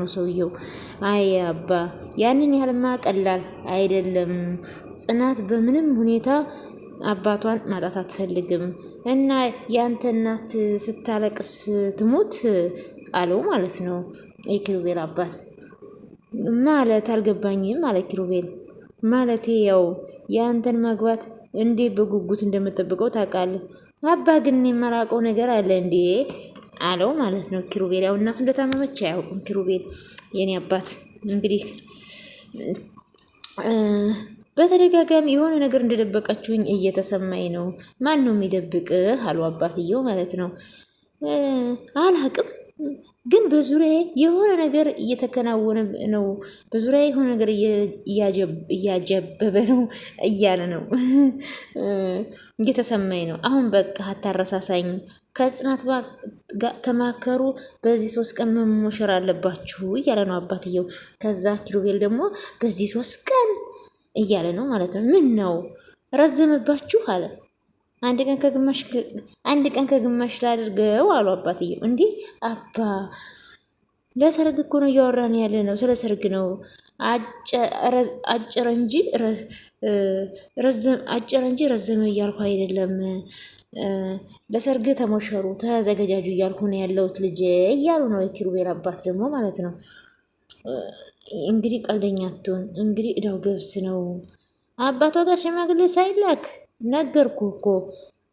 ነው ሰውየው። አይ አባ ያንን ያህልማ ቀላል አይደለም። ጽናት በምንም ሁኔታ አባቷን ማጣት አትፈልግም እና ያንተ እናት ስታለቅስ ትሞት አለው ማለት ነው። የኪሩቤል አባት ማለት አልገባኝም አለ ኪሩቤል። ማለቴ ያው የአንተን ማግባት እንዴ በጉጉት እንደምጠብቀው ታውቃለህ። አባ ግን የማላውቀው ነገር አለ እንዴ አለው ማለት ነው። ኪሩቤል ያው እናቱ እንደታመመች አያውቁም ኪሩቤል የኔ አባት እንግዲህ በተደጋጋሚ የሆነ ነገር እንደደበቀችውኝ እየተሰማኝ ነው። ማን ነው የሚደብቅህ? አሉ አባትየው ማለት ነው። አላቅም ግን በዙሪያ የሆነ ነገር እየተከናወነ ነው፣ በዙሪያ የሆነ ነገር እያጀበበ ነው እያለ ነው እየተሰማኝ ነው። አሁን በቃ አታረሳሳኝ፣ ከጽናት ጋር ተማከሩ፣ በዚህ ሶስት ቀን መሞሸር አለባችሁ እያለ ነው አባትየው። ከዛ ኪሩቤል ደግሞ በዚህ ሶስት ቀን እያለ ነው ማለት ነው። ምን ነው ረዘመባችሁ አለ አንድ ቀን ከግማሽ አንድ ቀን ከግማሽ ላድርገው አሉ አባትየው። እንዲህ አባ ለሰርግ እኮ ነው እያወራን ያለ ነው፣ ስለ ሰርግ ነው። አጭር እንጂ ረዘመ እያልኩ አይደለም፣ ለሰርግ ተሞሸሩ ተዘገጃጁ እያልኩ ነው ያለሁት ልጄ እያሉ ነው። የኪሩቤል አባት ደግሞ ማለት ነው እንግዲህ ቀልደኛቱን እንግዲህ እዳው ገብስ ነው አባቷ ጋር ሽማግሌ ሳይላክ ነገርኩ እኮ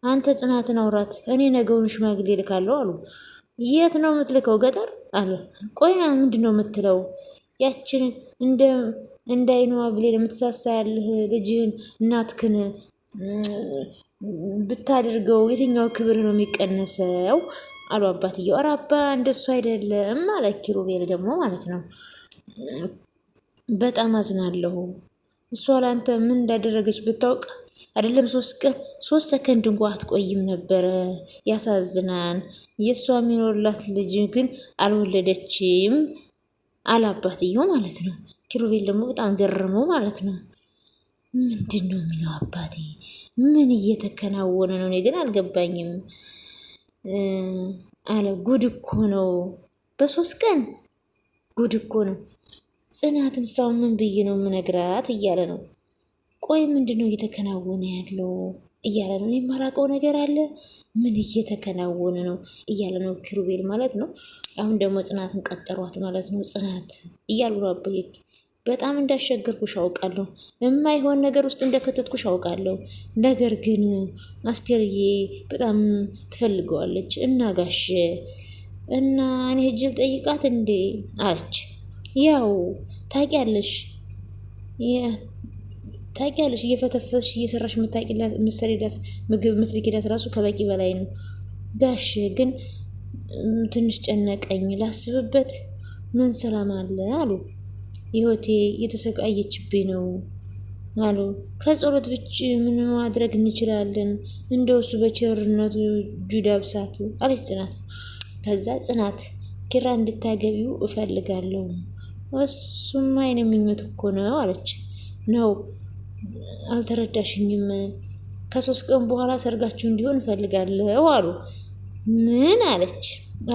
አንተ ጽናትን አውራት፣ እኔ ነገውን ሽማግሌ ልካለሁ አሉ። የት ነው የምትልከው? ገጠር አለ። ቆያ ምንድን ነው የምትለው? ያችን እንደ እንዳይኗ ብሌን የምትሳሳ ያልህ ልጅህን እናትክን ብታደርገው የትኛው ክብር ነው የሚቀነሰው? አሉ አባትየው። ኧረ አባ እንደሱ አይደለም አለ ኪሩቤል ደግሞ ማለት ነው። በጣም አዝናለሁ። እሷ ለአንተ ምን እንዳደረገች ብታውቅ አይደለም ሶስት ቀን ሶስት ሰከንድ እንኳ አትቆይም ነበረ። ያሳዝናን። የእሷ የሚኖርላት ልጅ ግን አልወለደችም አላባትየው ማለት ነው። ኪሩቤል ደግሞ በጣም ገረመው ማለት ነው። ምንድን ነው የሚለው አባቴ? ምን እየተከናወነ ነው? እኔ ግን አልገባኝም አለ። ጉድ እኮ ነው በሶስት ቀን ጉድ እኮ ነው። ጽናትን ሰው ምን ብዬ ነው የምነግራት እያለ ነው ቆይ ምንድን ነው እየተከናወነ ያለው እያለ ነው። የማላውቀው ነገር አለ ምን እየተከናወነ ነው እያለ ነው ኪሩቤል ማለት ነው። አሁን ደግሞ ጽናትን ቀጠሯት ማለት ነው። ጽናት እያሉ አበይት በጣም እንዳሸገርኩሽ አውቃለሁ፣ የማይሆን ነገር ውስጥ እንደከተትኩሽ አውቃለሁ። ነገር ግን አስቴርዬ በጣም ትፈልገዋለች እና ጋሽ እና እኔ ሂጅ ልጠይቃት እንዴ አለች። ያው ታውቂያለሽ ታውቂያለሽ። እየፈተፈትሽ እየሰራሽ ምትሰሪላት ምግብ ምትልኪላት ራሱ ከበቂ በላይ ነው። ጋሽ ግን ትንሽ ጨነቀኝ፣ ላስብበት። ምን ሰላም አለ አሉ። ህይወቴ እየተሰቃየችብኝ ነው አሉ። ከጸሎት ብጭ ምን ማድረግ እንችላለን? እንደው እሱ በቸርነቱ ጁዳ ብሳት አለች ጽናት። ከዛ ጽናት ኪራ እንድታገቢው እፈልጋለሁ። እሱም አይነ ምኞት እኮ ነው አለች ነው አልተረዳሽኝም፣ ከሶስት ቀን በኋላ ሰርጋችሁ እንዲሆን እፈልጋለሁ አሉ። ምን አለች?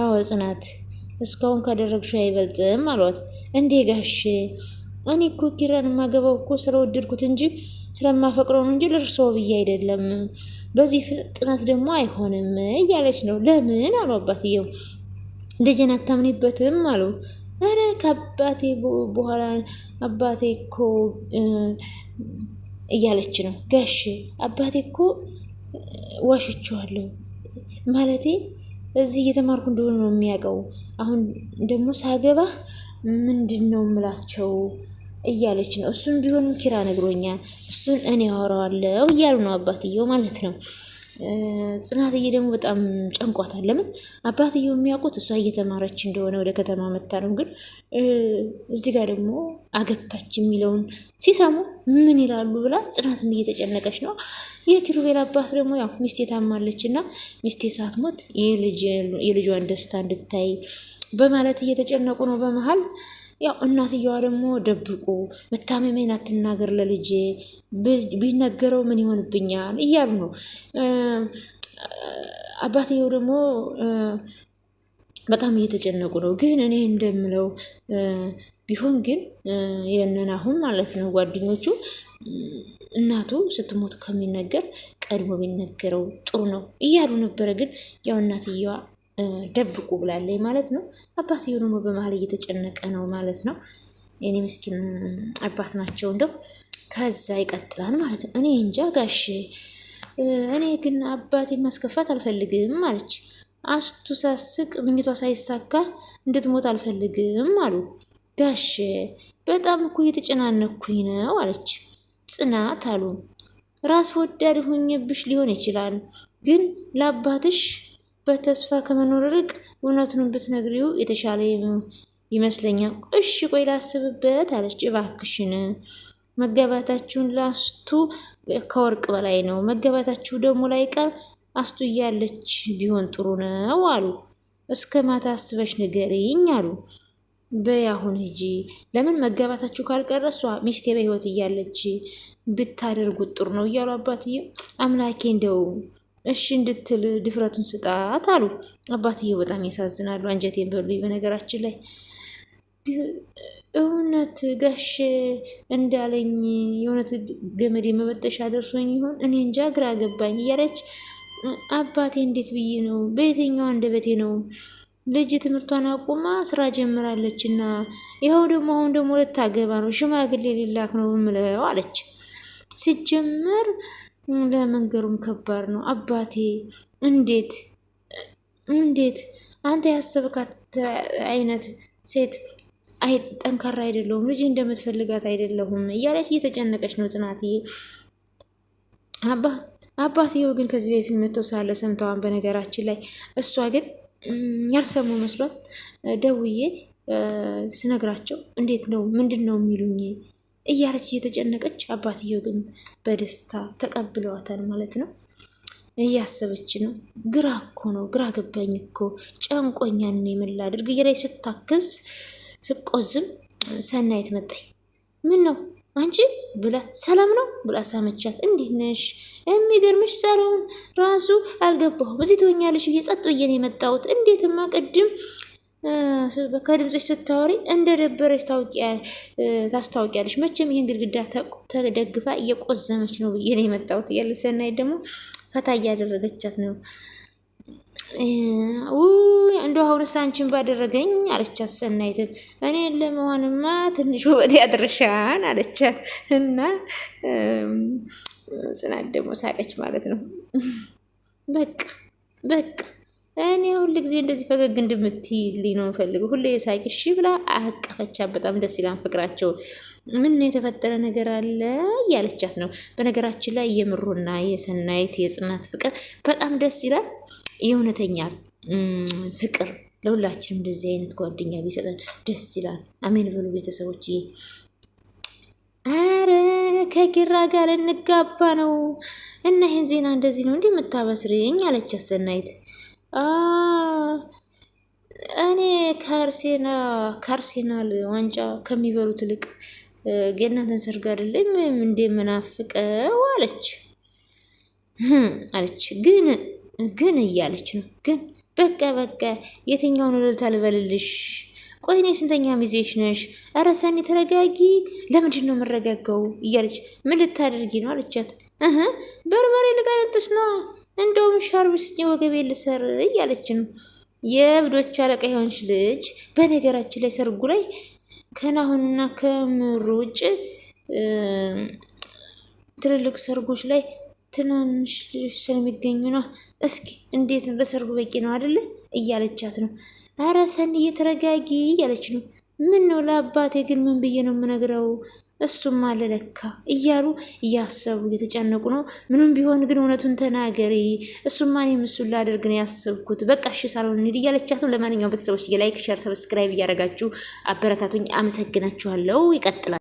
አዎ ጽናት፣ እስካሁን ካደረግሽው አይበልጥም አሏት። እንዴ ጋሽ እኔ እኮ ኪራን የማገባው እኮ ስለወደድኩት እንጂ ስለማፈቅረው ነው እንጂ ልርሰው ብዬ አይደለም። በዚህ ፍጥነት ደግሞ አይሆንም እያለች ነው። ለምን አሉ አባትየው። ልጄን አታምኒበትም አሉ። ኧረ ከአባቴ በኋላ አባቴ እኮ እያለች ነው። ጋሽ አባቴ እኮ ዋሽችዋለሁ ማለቴ እዚህ እየተማርኩ እንደሆነ ነው የሚያውቀው። አሁን ደግሞ ሳገባ ምንድን ነው ምላቸው እያለች ነው። እሱም ቢሆንም ኪራ ነግሮኛል፣ እሱን እኔ አወራዋለሁ እያሉ ነው አባትየው ማለት ነው። ጽናትዬ ደግሞ በጣም ጨንቋታል። ለምን አባትየው የሚያውቁት እሷ እየተማረች እንደሆነ ወደ ከተማ መታ ነው። ግን እዚህ ጋር ደግሞ አገባች የሚለውን ሲሰሙ ምን ይላሉ ብላ ጽናትም እየተጨነቀች ነው። የኪሩቤል አባት ደግሞ ያው ሚስቴ ታማለች እና ሚስቴ ሳትሞት የልጇን ደስታ እንድታይ በማለት እየተጨነቁ ነው በመሀል ያው እናትየዋ ደግሞ ደብቁ መታመሜን አትናገር ለልጄ ቢነገረው ምን ይሆንብኛል እያሉ ነው። አባትየው ደግሞ በጣም እየተጨነቁ ነው። ግን እኔ እንደምለው ቢሆን ግን አሁን ማለት ነው ጓደኞቹ እናቱ ስትሞት ከሚነገር ቀድሞ ቢነገረው ጥሩ ነው እያሉ ነበረ። ግን ያው እናትየዋ ደብቁ ብላለይ ማለት ነው። አባትየው ደግሞ በመሀል እየተጨነቀ ነው ማለት ነው። የኔ ምስኪን አባት ናቸው። እንደው ከዛ ይቀጥላል ማለት ነው። እኔ እንጃ ጋሽ፣ እኔ ግን አባቴ ማስከፋት አልፈልግም አለች አስቱ ሳስቅ ምኝቷ ሳይሳካ እንድትሞት አልፈልግም አሉ። ጋሽ በጣም እኮ እየተጨናነኩኝ ነው አለች። ጽናት አሉ ራስ ወዳድ ሆኜብሽ ሊሆን ይችላል ግን ለአባትሽ በተስፋ ከመኖር ይልቅ እውነቱን ብትነግሪው የተሻለ ይመስለኛል። እሺ ቆይ ላስብበት አለች። እባክሽን መገባታችሁን ላስቱ ከወርቅ በላይ ነው። መገባታችሁ ደግሞ ላይቀር አስቱ እያለች ቢሆን ጥሩ ነው አሉ። እስከ ማታ አስበሽ ንገሪኝ አሉ። በይ አሁን ሂጂ። ለምን መገባታችሁ ካልቀረ እሷ ሚስቴ በህይወት እያለች ብታደርጉት ጥሩ ነው እያሉ አባትዬ አምላኬ እንደው እሺ እንድትል ድፍረቱን ስጣት አሉ። አባትዬው በጣም ያሳዝናሉ። አንጀቴን በሉ በነገራችን ላይ እውነት ጋሽ እንዳለኝ የእውነት ገመድ መበጠሻ ደርሶኝ ይሆን? እኔ እንጃ፣ ግራ ገባኝ እያለች አባቴ እንዴት ብዬ ነው በየትኛው አንደበቴ ነው ልጅ ትምህርቷን አቁማ ስራ ጀምራለች እና ይኸው ደግሞ አሁን ደግሞ ልታገባ ነው ሽማግሌ ሊላክ ነው ምለው አለች ሲጀመር ለመንገሩም ከባድ ነው። አባቴ እንዴት እንዴት አንተ ያሰብካት አይነት ሴት ጠንካራ አይደለሁም፣ ልጅ እንደምትፈልጋት አይደለሁም እያለች እየተጨነቀች ነው ጽናትዬ። አባትየው ግን ከዚህ በፊት መጥተው ሳለ ሰምተዋን። በነገራችን ላይ እሷ ግን ያልሰሙ መስሏት ደውዬ ስነግራቸው እንዴት ነው ምንድን ነው የሚሉኝ እያለች እየተጨነቀች፣ አባትየው ግን በደስታ ተቀብለዋታል ማለት ነው። እያሰበች ነው። ግራ እኮ ነው፣ ግራ ገባኝ እኮ ጨንቆኛን፣ ምን አድርግ እየላይ ስታክዝ ስቆዝም ሰናይት መጣኝ። ምን ነው አንቺ ብላ ሰላም ነው ብላ ሳመቻት። እንዴት ነሽ? የሚገርምሽ ሳሎን ራሱ አልገባሁም እዚህ ትሆኛለሽ ብዬ ጸጥ ብዬ ነው የመጣሁት። እንዴትማ ቅድም ከድምፅሽ ስታወሪ እንደ ደበረች ታስታውቂያለሽ። መቼም ይህን ግድግዳ ተደግፋ እየቆዘመች ነው ብዬ ነው የመጣሁት እያለ ሰናይ ደግሞ ፈታ እያደረገቻት ነው። እንደ አሁንስ ሳንችን ባደረገኝ አለቻት ሰናይትም። እኔ ለመሆንማ ትንሽ ውበት ያድርሻን አለቻት እና ጽናት ደግሞ ሳቀች ማለት ነው። በቃ በቃ እኔ ሁል ጊዜ እንደዚህ ፈገግ እንድምትይልኝ ነው የምፈልገው። ሁሌ የሳቂ እሺ ብላ አቀፈቻ። በጣም ደስ ይላል ፍቅራቸው። ምን የተፈጠረ ነገር አለ እያለቻት ነው። በነገራችን ላይ የምሩና የሰናይት የጽናት ፍቅር በጣም ደስ ይላል። የእውነተኛ ፍቅር ለሁላችንም እንደዚህ አይነት ጓደኛ ቢሰጠን ደስ ይላል። አሜን በሉ ቤተሰቦች። አረ ከኪራ ጋር ልንጋባ ነው እና ይህን ዜና እንደዚህ ነው እንዲህ የምታበስርኝ አለቻት ሰናይት እኔ ከአርሴናል ዋንጫ ከሚበሉት ይልቅ የእናንተን ሰርግ አይደለም እንደምናፍቀው አለች አለች ግን ግን እያለች ነው ግን በቃ በቃ የትኛውን እልልታ ልበልልሽ? ቆይ እኔ ስንተኛ ሚዜሽ ነሽ? ኧረ ሰኒ ተረጋጊ። ለምንድን ነው የምረጋጋው? እያለች ምን ልታደርጊ ነው አለቻት። በርበሬ ልቀነጥስ ነው እንደውም ሻርብ ስጭ ወገቤ ልሰር እያለች ነው። የእብዶች አለቃ የሆንች ልጅ። በነገራችን ላይ ሰርጉ ላይ ከናሁንና ከምሩ ውጭ ትልልቅ ሰርጎች ላይ ትናንሽ ልጆች ስለሚገኙ ነው። እስኪ እንዴት ነው ለሰርጉ በቂ ነው አይደለ? እያለቻት ነው። አረ ሰኒ እየተረጋጊ እያለች ነው። ምን ነው ለአባቴ ግን ምን ብዬ ነው የምነግረው? እሱም አለለካ እያሉ እያሰቡ እየተጨነቁ ነው። ምንም ቢሆን ግን እውነቱን ተናገሪ፣ እሱማ እኔም እሱን ላደርግ ነው ያሰብኩት። በቃ እሺ ሳልሆን እንሂድ እያለቻት ነው። ለማንኛውም ቤተሰቦች የላይክ ሸር፣ ሰብስክራይብ እያደረጋችሁ አበረታቶኝ አመሰግናችኋለሁ። ይቀጥላል።